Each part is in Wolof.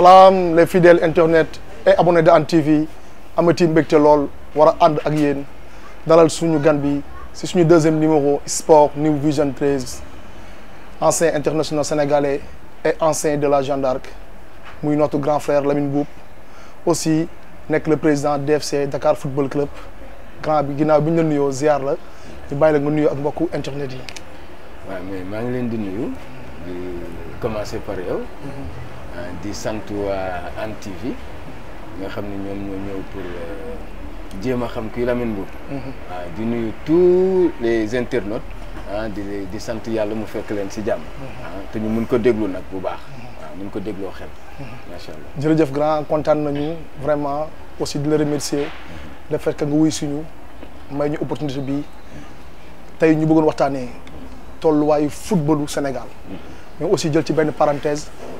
Salam les fidèles internet et abonnés de Antv TV amati wara Lol, Wara dans ak dalal suñu deuxième numéro sport New Vision 13 ancien international sénégalais et ancien de la Jeanne d'Arc notre grand frère Lamine Boub aussi nek le président DFC Dakar Football Club grand bi ginnaaw bi la ziar la ñu bàyyi internet yi. mais je ngi di commencer par euh, di sant à nga xamni ñom ñoo pour euh, xam Lamine mhm. di nuyu tous les internautes ah, di di yalla mu fekk ci jamm mhm. ah, te ñu ko déglu nak bu baax mhm. ah, ko xel machallah jërëjëf grand Je nañu vraiment aussi de le remercier le faire que nga wuy suñu may ñu opportunité bi ñu Sénégal mais aussi jël ci parenthèse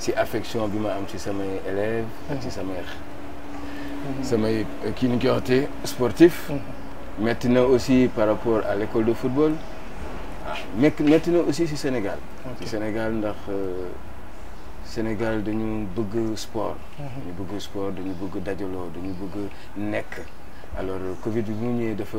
c'est affection bi ma am ci samay élèves ci mhm. samay mère mhm. euh, kii ñu koy sportif mhm. metti na aussi par rapport à l'école de football ah metti na aussi ci Sénégal ci Sénégal ndax euh, Sénégal dañu bëgg sport ñu bëgg sport dañu bëgg dajaloo dañu bëgg nek alors euh, Covid bi mu ñëwee dafa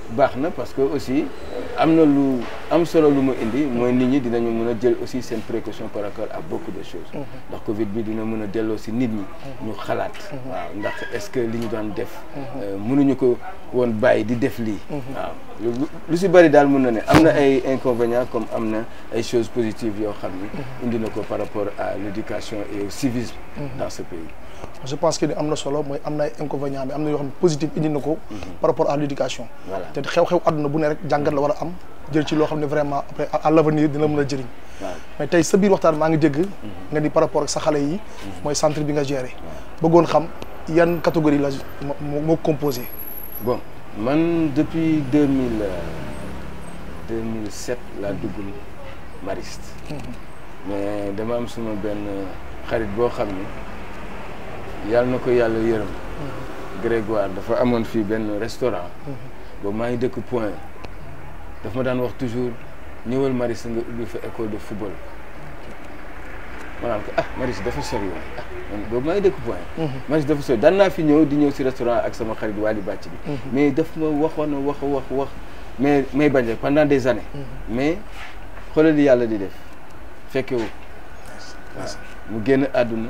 parce que aussi amna lu am solo lu mu indi moy dinañu aussi précaution par rapport à beaucoup de choses La mhm. Covid bi dina mëna ci mhm. mhm. est-ce que li ñu doon def euh, mënuñu ko won nous di def Nous waaw lu inconvénients comme des choses positives indi par rapport à l'éducation et au civisme dans ce pays je pense que amna solo moy am inconvénient mais am na yoo xam ne positif indi na mhm. par rapport à l'éducation té xew-xew aduna bu ne rek jangal la wara am jël ci lo xamne vraiment après à l'avenir dina mëna a jëriñ mais tay sa biir waxtaan ma mhm. nga dégg nga di par rapport ak sa xalé yi moy mhm. centre bi nga géré bëggoon xam yan catégorie la mo composé bon man depuis 2000 2007 la dugul mariste mais dama am suma benn xarit bo xamne yàlla na ko yàlla mm-hmm. Grégoire dafa amoon fi ben restaurant mm-hmm. boobu maa ngi dëkk point daf ma daan wax toujours ñëwal Maris nga ubbi fa école de football ma naan ko ah Maris dafa sori woon ah man boobu ngi dëkk point mm-hmm. Maris dafa sori daan naa fi ñëw di ñëw si restaurant ak sama xarit Wali Bàcc bi mais daf ma waxoon wax wax wax mais may bañ pendant des années mais xoolal li yàlla di def fekkewu mu génn àdduna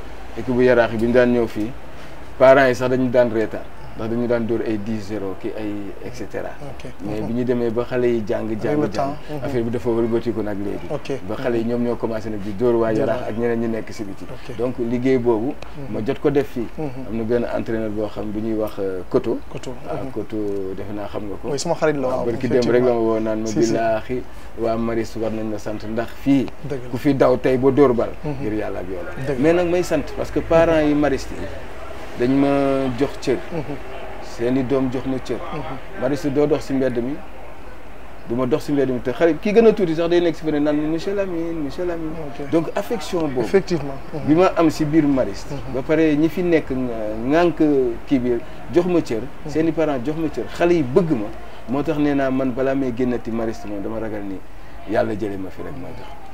équipe bu yaraax yi bi ñu daan ñëw fii parents yi sax dañu daan reetaan ndax dañu daan dóor ay dix zéro ki ay et mais mhm. bi ñu demee ba xale yi jàng jàng jàng mhm. affaire bi dafa wëlbatiku nag léegi ba xale yi ñoom ñoo commencé nag di dóor waa yaraax ak ñeneen ñi nekk si biti donc liggéey boobu mhm. ma jot ko def fii am na benn entraîneur boo xam bi ñuy wax Koto waaw Koto defe naa xam nga ko sama xarit la waaw barki démb rek la ma woo naan ma billaahi nañ la sant ndax fii ku fi daw tey ba dóor bal ngir yàlla ak yow mais nag may sant parce que parents yi Maris dañ ma jox cër mhm. seen i doom jox na cër mhm. doo dox mi du dox mi te ki sax day nekk monsieur Lamine monsieur Lamine donc affection boobu effectivement mhm. bi ma am si biir Maris ba pare ñi fi nekk jox ma parents jox ma cër xale yi bëgg ma man may dama ragal ni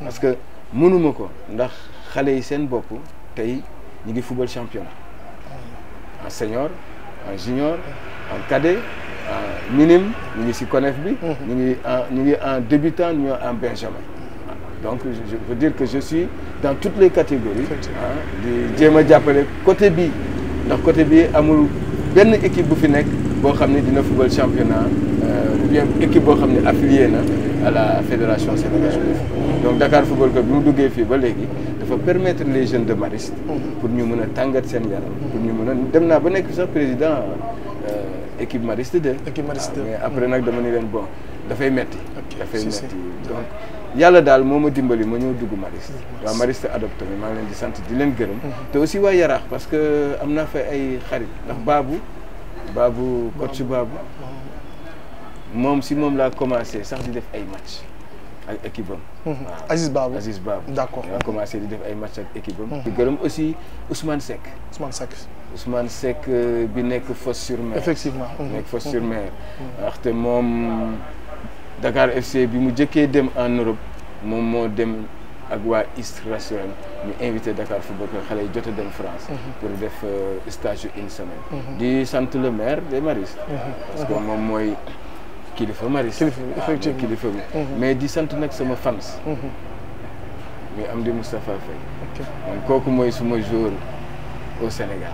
parce que mënuma ko ndax yi seen ngi football champion. Un senior un junior un cadet un minime nous mhm. ngi en débutant un en benjamin. donc je veux dire que je suis dans toutes les catégories. me hein, di jéem côté bi donc côté B amul benn équipe bu boo xam ne dina football championnat euh, ou bien équipe boo xam ne affilié na à la fédération sénégalaise donc Dakar Football Club bi mu duggee fii ba léegi dafa permettre les jeunes de Mariste mhm. pour ñu mën a tàngat seen yaram pour ñu mën a dem naa ba nekk sax président euh, équipe Mariste de, équipe Mariste ah, mais après nag dama ni leen bon dafay metti dafay metti donc yàlla daal moo ma dimbali ma ñëw dugg Mariste waa Mariste adopté mi maa ngi leen di sant di leen gërëm mhm. te aussi waa Yaraax parce que am naa fa ay xarit ndax Babou Babou coach Babou moom si moom l'a commencé sax di def ay match ak équipe am. Mhm. Aziz Babou Aziz Babou. D'accord. accord laa commencé di def ay match ak équipe am. di gërëm aussi Ousmane Seck. Ousmane Seck. Ousmane Seck euh, bi nek Fos-sur-Mer. effectivement mhm. Nek Fos-sur-Mer. Mhm. ndaxte moom Dakar FC bi mu jëké dem en Europe mom mo dem ak est East invité Dakar Football Club France. Mhm. pour un euh, stage une semaine. Je mhm. suis le maire des Maris. Mhm. parce que kilifa Maris. kilifa ah, mais di sama fans. Amdi Moustapha suma jour au Sénégal.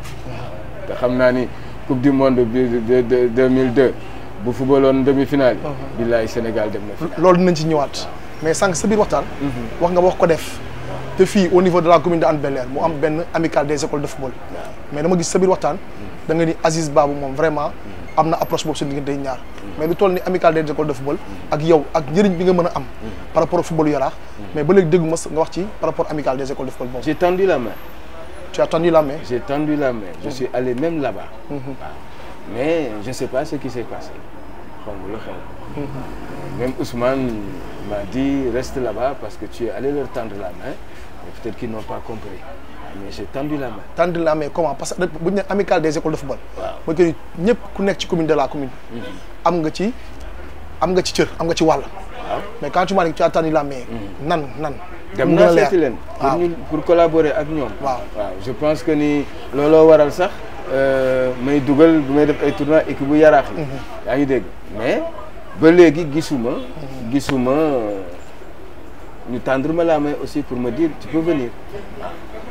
Je sais coupe du monde de de football en demi finale. le Sénégal mais sànq sa biir waxtaan. Mhm. wax nga wax ko def. te fi au niveau de la commune de Hann Bel-Air mu am ben amical des écoles de football. mais dama gis sa biir waxtan mhm. da nga ni Aziz Babou mom vraiment. Mhm. am na approche boobu seen diggante ñaar. mais lu toll ni Amical des écoles de football. ak yow ak njëriñ bi nga mëna am. par rapport au football yara, mais ba léegi déggu ma nga wax ci par rapport Amical des écoles de football j'ai tendu la main. tu as tendu la main. j'ai tendu la main je suis allé même là-bas. mais je sais pas ce qui s'est passé. Même Ousmane m'a dit reste là-bas parce que tu es allé leur tendre la main. Peut-être qu'ils n'ont pas compris. Ah, mais j'ai tendu la main. Tendre la main comment parce que bu ñu des écoles de football. waaw mooy que ñëpp ku ci commune de la commune. Mhm. am nga ci am nga ci cër mais quand tu m'as dit tu as tendu la main. Mhm. nan nan. pour collaborer avec nous. je pense que nous lolo waral sax. Euh, may dugal bu may def ay tournoi équipe bu yaraax yi mhm. yaa ngi dégg mais ba léegi gisuma mhm. gisuma ñu tendre ma la main aussi pour me dire tu peux venir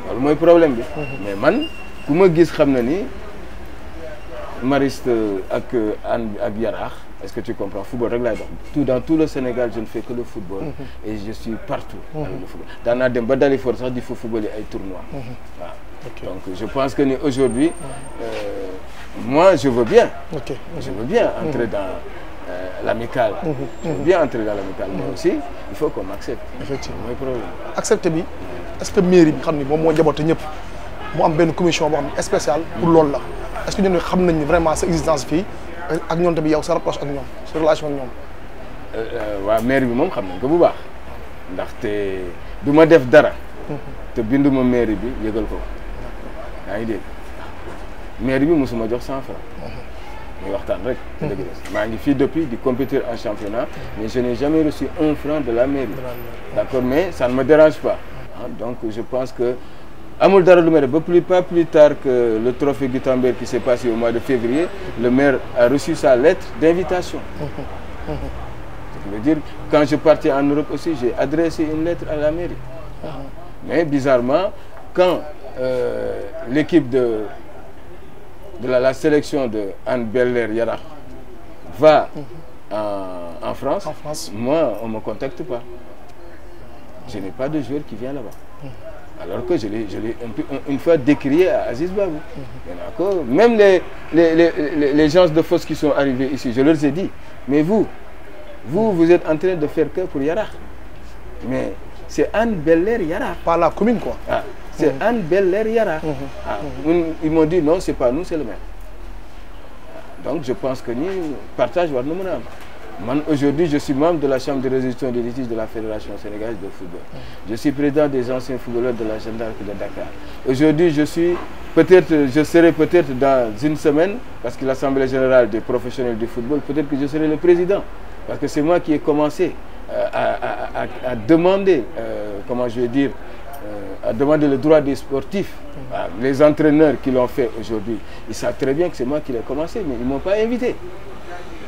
loolu mooy problème bi mhm. mais man ku ma gis xam na ni mariste ak an ak yarax est-ce que tu comprends football rek lay dox tout dans tout le Sénégal je ne fais que le football et je suis partout avec le football daanaa dem ba Dalifort sax di fa football ay tournois waaw donc je pense que aujourd'hui, euh, moi je veux bien, je veux bien entrer mhm. dans euh, l'amicale. Mhm. Je veux mhm. bien entrer dans l'amicale, mais aussi il faut qu'on accepte. Effectivement. mon problème. Accepter est-ce que mairie bi xam commission spéciale pour cela? est-ce que nous savons vraiment cette existence ici euh, ak relation ak euh, bi que vous ko bu baax Je def dara. je binduma mais ngi maire bi mosuma jox me francs mhm. mhm. Magnifique depuis du compétir en championnat mais je n'ai jamais reçu un franc de la mairie d'accord mais ça ne me dérange pas ah, donc je pense que à dara lu maire plus pas plus tard que le trophée Guitambert qui s'est passé au mois de février le maire a reçu sa lettre d'invitation Je mhm. veux dire quand je partais en Europe aussi j'ai adressé une lettre à la mairie mais bizarrement quand euh, l'équipe de, la, sélection de Anne Beller Yara va en, France, moi, on ne me contacte pas. Je n'ai pas de joueur qui vient là-bas. Alors que je l'ai une, fois décrié à Aziz Babou. Même les, les, gens de force qui sont arrivés ici, je leur ai dit, mais vous, vous, vous êtes en train de faire que pour Yara. Mais c'est Anne Beller Yara. Par la commune, quoi. Ah c'est mhm. Anne Belair Yara. Mhm. Ah. Mhm. ils m'ont dit non, c'est pas nous, c'est le maire. Donc je pense que nous partage Aujourd'hui, je suis membre de la Chambre de résolution des litiges de la Fédération sénégalaise de football. Je suis président des anciens footballeurs de la gendarmerie de Dakar. Aujourd'hui, je suis peut-être, je serai peut-être dans une semaine, parce que l'Assemblée générale des professionnels du football, peut-être que je serai le président, parce que c'est moi qui ai commencé euh, à, demander, euh, comment je vais dire, demander le droit des sportifs. Mm. Ah, les entraîneurs qui l'ont fait aujourd'hui, ils savent très bien que c'est moi qui l'ai commencé, mais ils ne m'ont pas invité.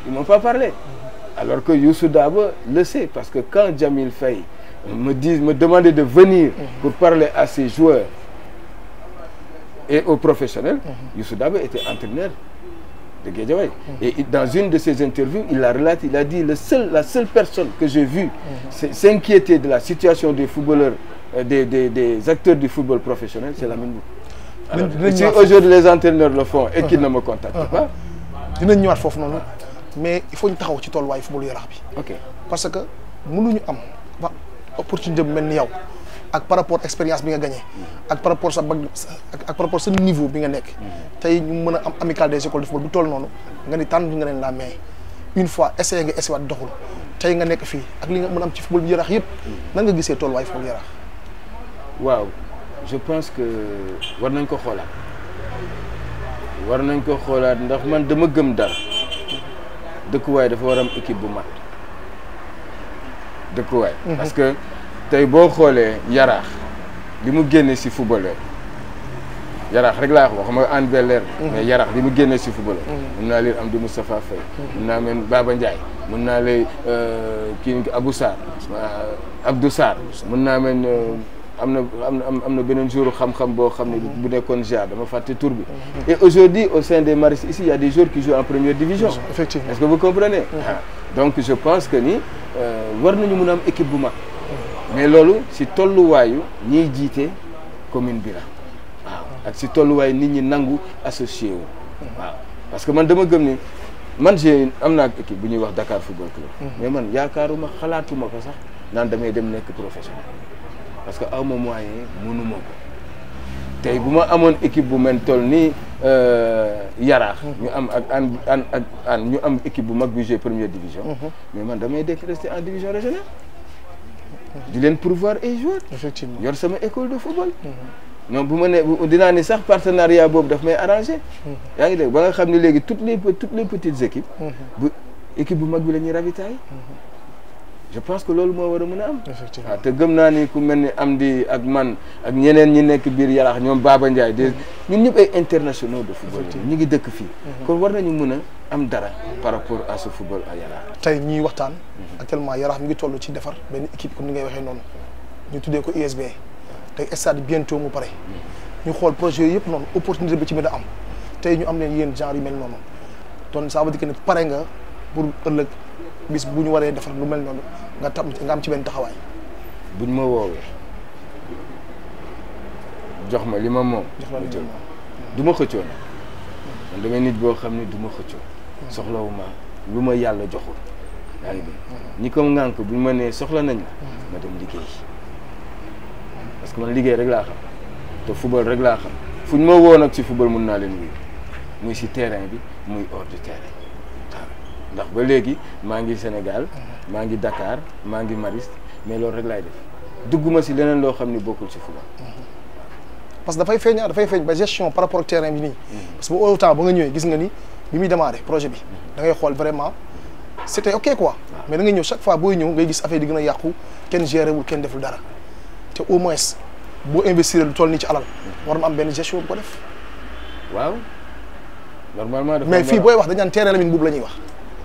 Ils ne m'ont pas parlé. Mm. Alors que Youssou Dabo le sait, parce que quand Jamil Faye me, me demandait de venir mm. pour parler à ses joueurs et aux professionnels, Youssou Dabo était entraîneur de Guédiaway. Et dans une de ses interviews, il a il a dit, le la seule personne que j'ai vue s'inquiéter de la situation des footballeurs euh, des, des, des acteurs du football professionnel, c'est la même chose. Si aujourd'hui les entraîneurs le font et qu'ils ne me contactent uh-huh. pas. Uh-huh. dinañ ñëwaat foofu non mais il faut ñu taxaw ci tolluwaay football yaraax bi. ok parce que mënuñu am ba opportunité bu mel yow ak par rapport expérience bi nga gagné. Mm-hmm. ak par rapport sa bag ak par rapport sa niveau bi nga nekk. Mm-hmm. tey ñu mën am des écoles de football bu toll noonu nga ni tànn nga une fois essayez nga de waat doxul as nga nekk fii ak li nga mën am ci football bi yaraax yëpp mm-hmm. nan nga gisee tolluwaay Wow, je pense que je suis ko xoolaat war là. ko xoolaat ndax man dama gëm dafa équipe mhm. parce que tey bon qui ci footballeur rek wax un Beler, mhm. mais yaraax il qui footballeur. football. Mhm. am Moustapha Fay, Baba Ndiaye. lay euh, Abou Abdou amna amna am am na jour xam-xam bo, xam ne mhm. bu nekkoon GA dama faté tour bi. et aujourd'hui au sein des maris, ici il y a des joueurs qui jouent en première division. effectivement est-ce que vous comprenez. Mhm. Ah. donc je pense que ni euh, war nañu mun am équipe bu mag. mais loolu si wayu ñi jité commune bi la waaw ak si way nit ñi nangu associé wu. Mhm. parce que man dama gëm ni man j'ai amna équipe bu ñuy wax Dakar Football Club. mais man yaakaruma xalaatuma ko sax nan damay dem que professionnel parce que un moment, moyen mënuma ko tey bu ma équipe bu mel toll nii euh, Yara, ñu am ak an an ñu am équipe bu mag bi joué première division mhm. mais man damay dekk en division régionale di leen pourvoir ay jouer. effectivement yor sama école de football mhm. Non, bu ma ne ni sax partenariat boobu daf may arrangé mhm. yaa ngi dégg ba nga toutes les toutes les petites équipes équipe bu mag bi la ravitailler je pense que loolu moo war a mën a am. effectivement waaw te gëm naa ni ku mel ni Amdi ak man ak ñeneen ñi nekk biir Yaraax ñoom Baba Ndiaye de mm-hmm. ñun ñëpp ay internationaux de football ñu ngi dëkk fii. Mm-hmm. kon war nañu mën am dara par rapport à ce football à Yaraax. tey ñuy waxtaan. Mm-hmm. actuellement Yaraax mi ngi tollu ci défar benn équipe comme ni ngay waxee noonu ñu tuddé ko ISB tay stade bientôt mu paré ñu xol projet yooyu non opportunité bi ci mëna am tay ñu am leen yeen genre yu mel non donc ça veut dire que ne pare nga pour ëllëg. bis bu ñu waree defar lu mel noonu nga tam nga am ci benn taxawaay. buñ ma woowee jox ma li ma moom. jox ma li du ma xëccoo nag man damay nit boo xam ne du ma xëccoo. soxlawu ma lu ma yàlla joxul. yaa ngi dégg ñi ko ŋànk buñ ma nee soxla nañ la. Mm-hmm. ma dem liggéey parce que man liggéey rek laa xam te football rek laa xam fuñ ma woo nag ci football mun naa leen wuyu muy si terrain bi muy hors ndax ba légui maa ngi Sénégal maa ngi Dakar maa ngi Mariste mais lool rek lay def dugguma ci leneen loo xam ni bokkul si football parce que dafay feeñ dafay feeñ ba gestion par rapport ak terrain bi nii parce que au temps ba nga ñëwee gis nga ni bi muy démarré projet bi da ngay xool vraiment c'était ok quoi mais da ngay ñëw chaque fois booy ñëw ngay gis affaire di gën a yàqu kenn géré wul kenn deful dara te au moins boo investir lu toll nii ci alal war na am benn gestion bu ko def waaw normalement mais fii booy wax dañu naan terrain Lamine Mboup la ñuy wax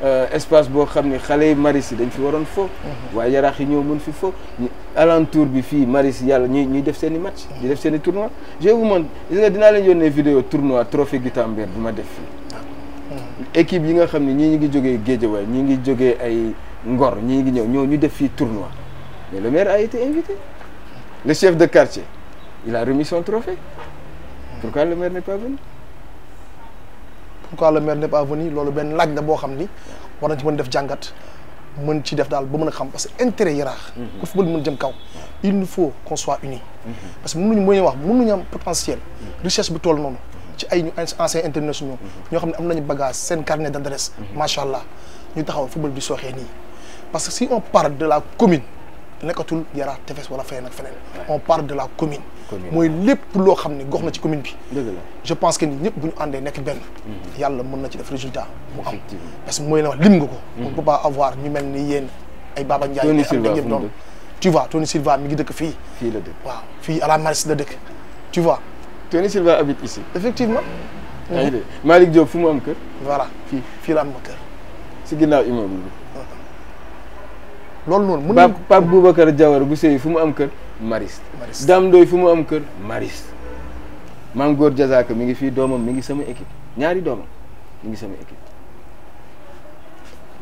Euh, espace bo xamni xalé xale yi maris yi dañ fi waroon fo mhm. way yarax yi ñoo mun fi fo alentour bi fi maris yalla ñi ñi def seen match ñuy def seen tournoi je vous montre gis nga dinaa leen yónnee vidéo tournoi trophée Guitambert bi ma def fii mhm. équipe yi nga xamni ñi ngi jógee Guédiawaye ñi ngi joggé ay Ngor ñi ngi ñew ñoo ñu def fi tournoi mais le maire a été invité le chef de quartier il a remis son trophée mhm. pourquoi le maire n'est pas venu pourquoi le maire n'est pas venu loolu ben laaj la bo xamni war nañ ci mën def jàngat mën ci def dal ba mën xam parce que intérêt yi mhm. ku football mën jëm kaw il nous faut qu'on soit unis mhm. parce que mënuñu mooy wax mënuñu am potentiel richesse bu toll nonu ci ay ñu anciens internationaux mhm. ñoo xam am nañu bagage sen carnet d'adresse machallah ñu taxaw football bi soxé ni parce que si on parle de la commune nekatul yara tefes wala fay nak feneen. on parle de la commune. moy lepp lo xamni goxna ci commune bi. je pense que ni ñëpp bu ñu àndee nekk benn. Mhm. yàlla mën na ci def résultat mu am. parce que moy la lim nga ko. Mhm. on peut pas avoir ñu melni yeen ay Baba ndjay ñi am fu mu tu vois Tony Silva mi ngi dëkk fi fi la dëkk waaw fii à la Maris la dëkk tu vois. Tony Silva habite ici. effectivement. yaa Malick Diop fu mu am kër. voilà fi fi la am kër. si ginnaaw immeuble loolu noonu mën nañu Pape Boubacar Diawara bu sëy fu mu am kër Mariste. Mariste Dame fu mu am kër Mariste. maam góor Diazaka mi ngi fii doomam mi ngi sama équipe ñaari doomam mi ngi sama équipe.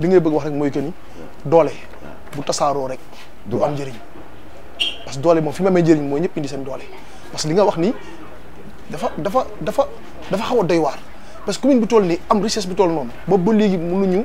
li ngay bëgg wax rek mooy que ni doole bu tasaaroo rek. du am njëriñ parce que doole moom fi mu amee njëriñ mooy ñëpp indi seen doole parce que li nga wax ni dafa dafa dafa dafa xaw a doy waar parce que commune bu toll nii am richesse bi toll noonu. boobu ba léegi mënuñu.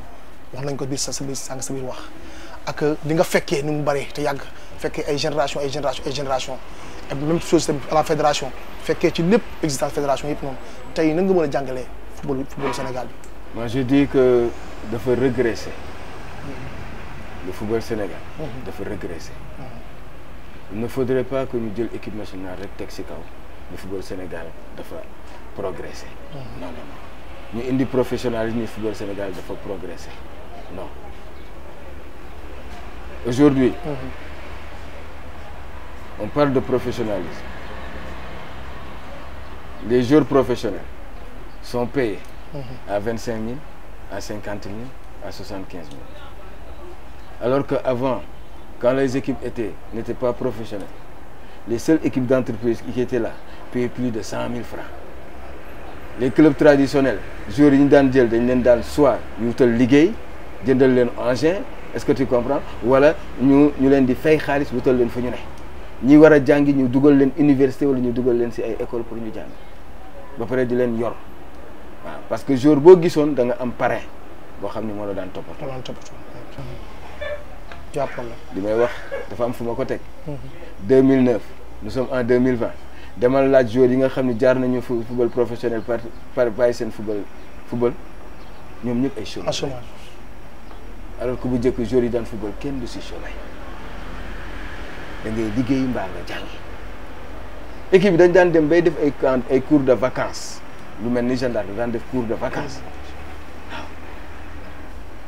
wax nañ ko biir sa sa biir sànq sa biir wax ak li nga fekkee ni mu bëree te yàgg fekkee ay et ay générations. ay génération et même chose tamit à la fédération fekkee ci lépp existence fédération yëpp noonu tey nan nga mën a jàngalee football football Sénégal bi. moi je dis que faut régresser mm-hmm. le football Sénégal. Mm-hmm. faut regresser. Mm-hmm. il ne faudrait pas que l'équipe équipe nationale rek teg ci kaw le football Sénégal faut progresser. non non ñu indi professionnalisme football Sénégal faut progresser. Non. Aujourd'hui, on parle de professionnalisme. Les joueurs professionnels sont payés à 25 000, à 50 000, à 75 000. Alors qu'avant, quand les équipes étaient, n'étaient pas professionnelles, les seules équipes d'entreprise qui étaient là payaient plus de 100 000 francs. Les clubs traditionnels, joueurs, ils donnent soit ils ont ligué, jëndal leen engin est-ce que tu comprends wala ñu ñu leen di fay xaalis wutal leen fa ñu ne ñi war a jàngi ñu dugal leen université wala ñu dugal leen ci ay école pour ñu jàng ba pare di leen yor waaw parce que jour boo gisoon da nga am parrain boo xam ni moo la daan toppatoo. daan toppatoo jàppoon na. may wax dafa am fu ma ko teg. 2009 mhm. nous sommes en 2020 demal laaj joueurs yi nga xam ne jaar nañu football professionnel par par bàyyi seen football football ñoom ñëpp ay chômage alors que vous njëkk joueurs dans football qu'est-ce si chômage da ngay liggéey mbaa nga jàngi équipe dem bay def cours de vacances lu mel ni gendarme cours de vacances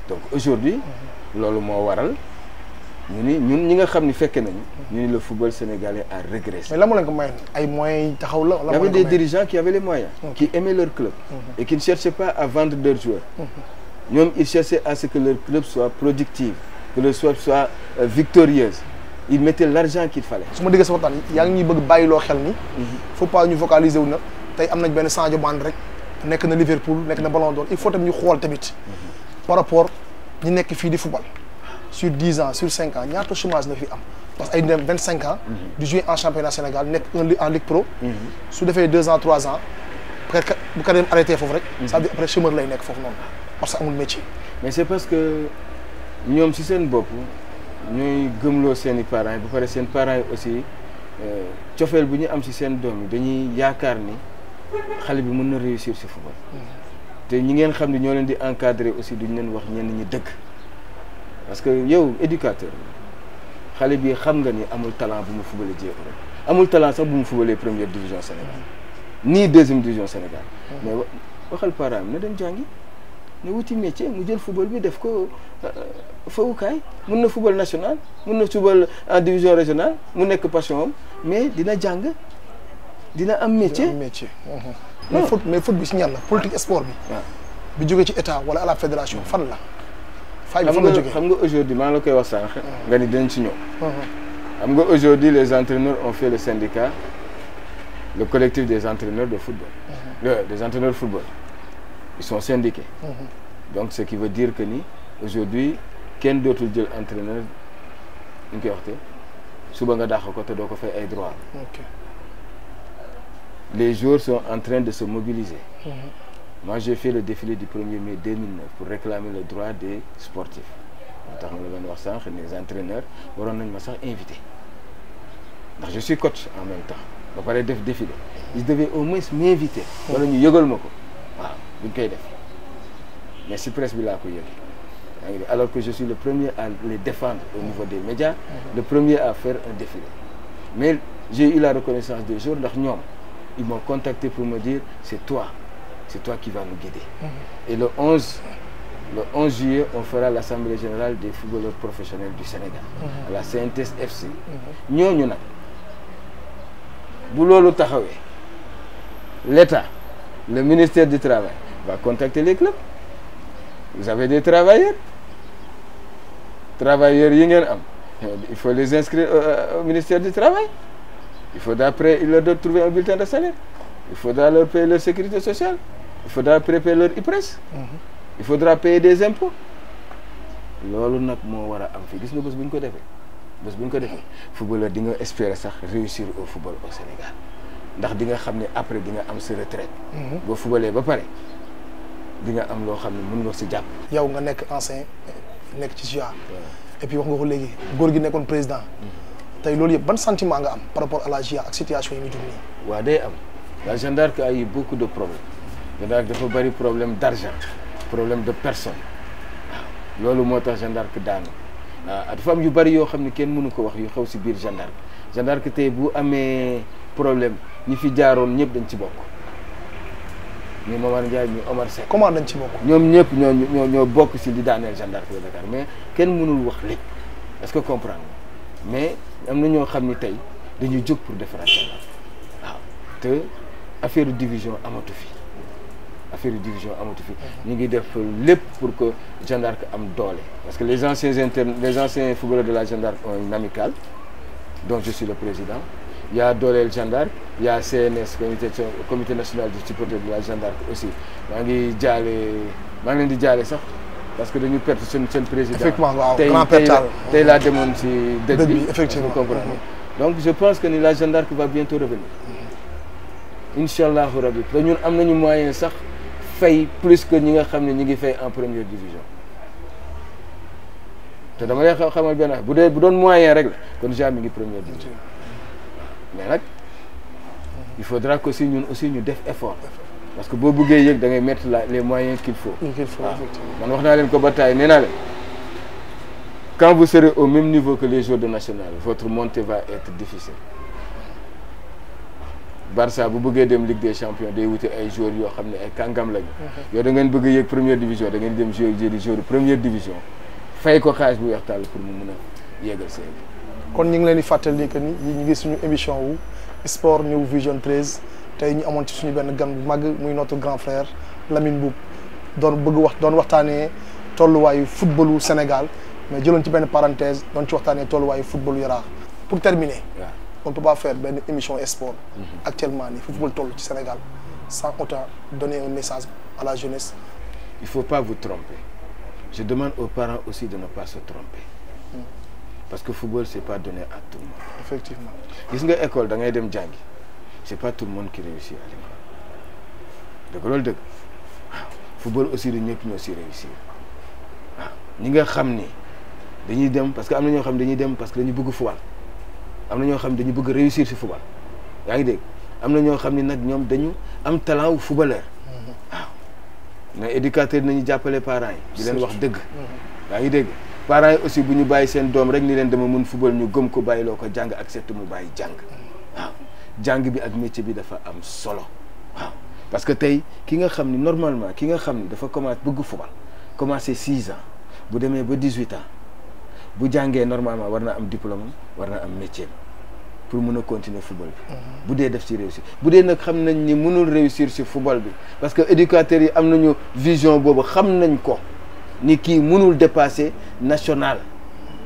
donc aujourd'hui c'est moo waral ñu ni ñun le football sénégalais a régressé. mais là, il y avait des dirigeants qui avaient les moyens. qui aimaient leur club. Mhm. et qui ne cherchaient pas à vendre leurs joueurs. Mhm. Ils, cherchaient à ce que leur club soit productif, que le club soit victorieux. victorieuse. Ils mettaient l'argent qu'il fallait. Si je dis que c'est important, il y a Il gens Il faut pas nous focaliser. Nous avons des gens qui ont Liverpool, Ballon d'Or. Il faut que nous regardions par rapport à ceux qui de football. Sur 10 ans, sur 5 ans, il y a un chômage de am. Parce qu'il a 25 ans, de jouer en championnat Sénégal, en Ligue Pro. Si on fait 2 ans, 3 ans, mhm. après, pouvez arrêter. Ça veut dire après, le chemin est parce métier. mais c'est parce que sommes si seen nous parents parents aussi euh, bu ni bi réussir ce football. Mm-hmm. ñi encadrer aussi de nous wax ñi dëgg parce que yo éducateur les bi xam nga ni talent bu mu football de talent première division Sénégal mm-hmm. ni deuxième division Sénégal. Mm-hmm. mais parents na wuti métier mu jël football bi def ko euh, fawukaay mun na football national mun na football en division régionale mu nek passion mais dina jang dina am métier métier mais foot mais foot bi ci ñan la politique sport bi bi joggé ci état wala à la fédération fan la fay bi fan xam nga aujourd'hui maa la koy wax sax nga ni dinañ ci ñëw xam nga aujourd'hui les entraîneurs ont fait le syndicat le collectif des entraîneurs de football des entraîneurs de football ils sont syndiqués. Mhm. Donc, ce qui veut dire que ni aujourd'hui kenn d'autre jël entraîneur ñu koy waxte suba nga de ko droit. les joueurs sont en train de se mobiliser. Mhm. moi j'ai fait le défilé du 1er mai 2009 pour réclamer le droit des sportifs. ma les entraîneurs waroon nañ ma invité je suis coach en même temps ba défiler, ils devaient au moins m'inviter mhm alors que je suis le premier à les défendre au niveau des médias mhm. le premier à faire un défilé mais j'ai eu la reconnaissance des jours ils m'ont contacté pour me dire c'est toi c'est toi qui vas nous guider mhm. et le 11 le 11 juillet on fera l'assemblée générale des footballeurs professionnels du Sénégal mhm. à la CNTS FC nous, nous bu l'État le ministère du travail va contacter les clubs. Vous avez des travailleurs. Travailleurs, il faut les inscrire euh, euh, au ministère du Travail. Il faudra après, il leur doit trouver un bulletin de salaire. Il faudra leur payer leur sécurité sociale. Il faudra préparer leur IPRES. Mhm. Il faudra payer des impôts. C'est ce que je a am Les footballeurs nga réussir au football au Sénégal ndax di nga xam ne après di nga am retraite. Mhm. ba di nga am lo xamni ne mën nga si jàpp. yow nga nek ancien nek ci GIA. et puis wax nga ko legui gor gui nekone président. Mm-hmm. tay lolou yeb ban sentiment nga am par rapport à la GIA ak situation yi mi jur wa day am la gendarme ay beaucoup de problèmes da nak dafa bari problème d'argent problème de personne lolou loolu moo tax Jeanne d'Arc daanu ah, dafa am yu bari yo xamni ne mënu ko wax yu xew ci biir gendarme gendarme tay bu amé problème ñi fi jaaroon ñëpp dañ ci bokk. ñu Momar Ndiaye ni Omar Seck. comment dañ ci bokk. ñom ñëpp ñoo ñoo ñoo bokk ci li daaneel gendarmerie de Dakar mais ken mënul wax lé est-ce que comprendre mais amna na ñoo xam ni tey dañuy jóg pour defaraat waaw té affaire de division amatu fi affaire de division amatu fi. Mhm. ñi ngi def lépp pour que Jeanne am doole. parce que les anciens internes les anciens footballeurs de la Jeanne d'Arc ont une amicale dont je suis le président il y a dooleel gendarme il y a CNS comité national du support de la gendarme aussi Mangi ngi jaale maa ngi leen di jaale sax parce que dañu perte seen seen président. effectivement grand perte tey tey laa demoon si dëj bi effectivement donc je pense que ni la gendarme va bientôt revenir incha allahu rabi te ñun am nañu moyen sax fay plus que ñi nga xam ne ñi ngi fay en première division. te dama lay xamal benn bu dee bu doon moyen rek quand kon ja mi ngi première division mais il faudra que aussi ñun aussi ñu def effort parce que boo bëggee yëg da ngay mettre la les moyens qu'il faut waaw ah. man wax naa leen ko quand vous serez au même niveau que les joueurs de national votre montée va être difficile Barça bu bëggee la Ligue des Champions day wute ay joueurs yoo xam ne ay voulez aller mhm. yow da ngeen bëgg a première division da ngeen dem jouer jëli de première division fay ko xaalis bu weex pour mu mun a seen kon ñu ngi leen di ni que émission wu sport new vision 13 Nous ñu amoon ci suñu ben gan bu mag muy notre grand frère Lamine Boub doon bëgg wax doon football football Sénégal mais jëloon ci une parenthèse doon ci waxtaanee football football pour terminer. on ne peut pas faire une émission sport. Mm-hmm. actuellement ni football au Sénégal sans autant donner un message à la jeunesse. il faut pas vous tromper je demande aux parents aussi de ne pas se tromper. Mm parce que le football c'est pas donné à tout le monde. effectivement gis nga école da ngay dem Ce c'est pas tout le monde qui réussit à l'école Le Le ah, football aussi du ñëpp ñoo réussir ah, parce que nous parce que football Nous ñoo xam réussir ce football Vous dégg am ñoo xam ni footballeur mm-hmm. ah. Les parents parents aussi bu ñu bàyyi seen doom rek ni leen dama mëne football ñu gëm ko bàyyi loko jang ak sétu mu bàyyi jang waaw jàng bi ak métier bi dafa am solo waaw parce que tay ki nga xamni normalement ki nga xamni dafa commencé bëgg football commencé 6 ans bu demee ba 18 ans bu jangé normalement warna am diplôme warna am métier pour mëna continuer football bi. Mhm. bu dé def ci réussir bu dé nak xam nañ ni mënul réussir ci football bi parce que éducateur yi am nañu vision bobu xam nañ ko ni nous mënul dépasser national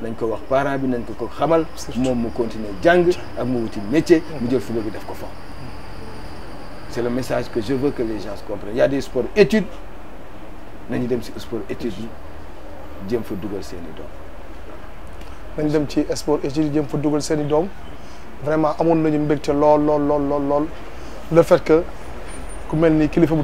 nañ ko wax parent bi nañ ko ko xamal moom mu continuer jang ak mu wuti métier mu bi def c'est le message que je veux que les gens comprennent il y a des sports études nous dem ci sport études jëm fa dem ci sport études jëm fa seeni vraiment nañu le fait que ku melni kilifa bu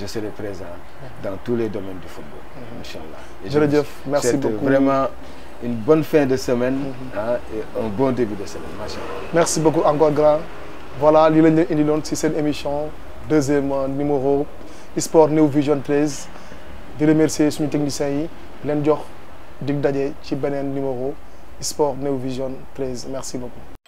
je serai présent dans tous les domaines du football. Mhm. Inch'Allah. dis. merci beaucoup. vraiment une bonne fin de semaine mhm. hein, et un bon début de semaine. Merci beaucoup encore grand. Voilà li lañ une cette émission deuxième euh, numéro sport New Vision 13 Je remercier les techniciens yi leen jox dig daje ci numéro sport New Vision 13 merci beaucoup.